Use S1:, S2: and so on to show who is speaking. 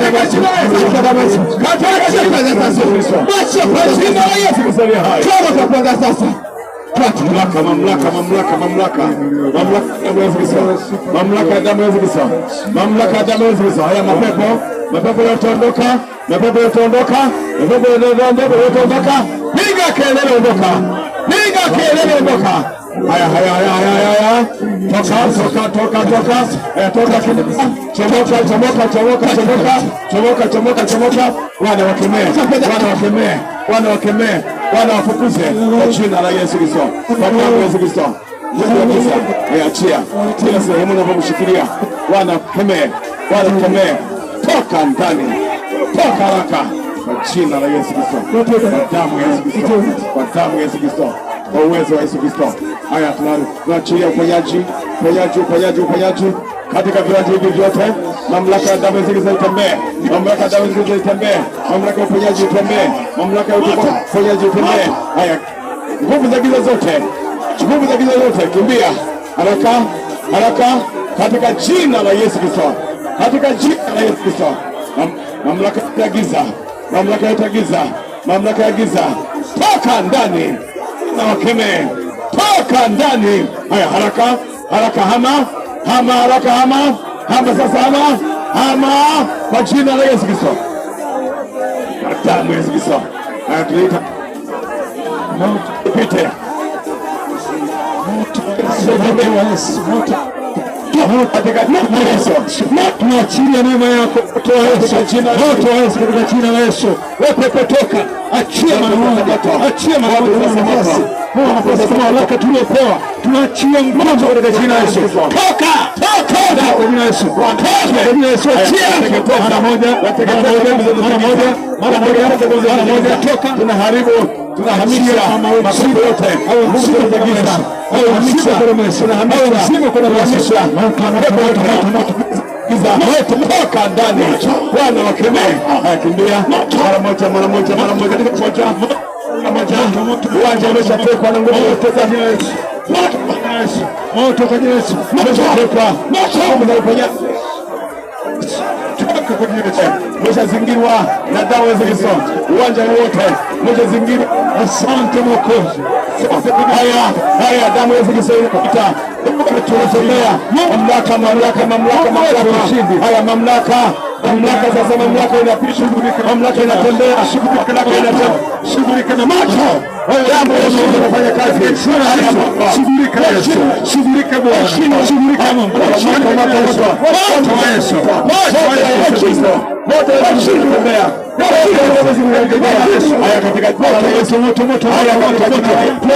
S1: kwanza sasa mamlaka mamlaka mamlaka mamlaka mamlaka ya damu ya Yesu Kristo, mamlaka ya damu ya Yesu Kristo. Haya mapepo, mapepo yataondoka, mapepo yataondoka, mapepo yataondoka. Piga kelele, ondoka! Piga kelele, ondoka! Haya, haya, haya, haya, haya. Toka, toka, toka, toka. Eh, toka kidogo. Chomoka, chomoka, chomoka, chomoka. Chomoka, chomoka, chomoka. Wana wakemee. Wana wakemee. Wana wakemee. Wana wafukuze kwa jina la Yesu Kristo. Kwa jina la Yesu Kristo. Mungu wa Musa, achia. Kila sehemu unapomshikilia. Wana wakemee. Wana wakemee. Toka ndani. Toka haraka. Kwa jina la Yesu Kristo. Kwa damu ya Yesu Kristo. Kwa damu ya Yesu Kristo. Kwa uwezo wa Yesu Kristo. Haya, tunaachilia uponyaji, uponyaji, uponyaji, uponyaji katika viwanja hivi vyote. Mamlaka ya damu zilizo itembee, mamlaka ya damu zilizo itembee, mamlaka ya uponyaji itembee, mamlaka ya uponyaji itembee. Haya, nguvu za giza zote, nguvu za giza zote, kimbia haraka haraka, katika jina la Yesu Kristo, katika jina la Yesu Kristo. Mamlaka ya giza, mamlaka ya giza, mamlaka ya giza, toka ndani na wakemee toka ndani. Haya, haraka haraka, hama hama, haraka hama hama, sasa hama hama, kwa jina la Yesu Kristo, damu ya Yesu Kristo pite
S2: Achilia neema yako katika jina la Yesu, achia Mungu kwa sababu mamlaka tuliyopewa nguvu katika jina la Yesu. Toka! Toka! Kwa jina la Yesu. Kwa jina la Yesu achia. Mara moja, mara moja, mara moja, mara moja, mara moja toka. Tunaharibu tunahamisha masibo yote au msiba kwa giza au msiba kwa Yesu na msiba kwa Yesu. Giza yote toka ndani. Bwana wakemee. Akimbia mara moja, mara moja, mara moja katika kufuata uwanja umeshapekwa na nguvu kutoka moto kwa Yesu, umeshazingirwa na dawa za Yesu, uwanja wote umeshazingirwa. Asante Mwokozi. Haya, haya, damu ya Yesu inapita tunasomea mamlaka, mamlaka, mamlaka, mamlaka, Haya, mamlaka Mamlaka za mamlaka inapisha, mamlaka inatembea, mamlaka inatembea. Shughulika na macho, jambo la Mungu linafanya kazi. Shughulika Yesu, shughulika Bwana, shughulika Mungu. Moto wa Yesu, moto wa Yesu, moto wa Yesu, moto wa Yesu unatembea. Haya katika moto, moto, moto, moto, moto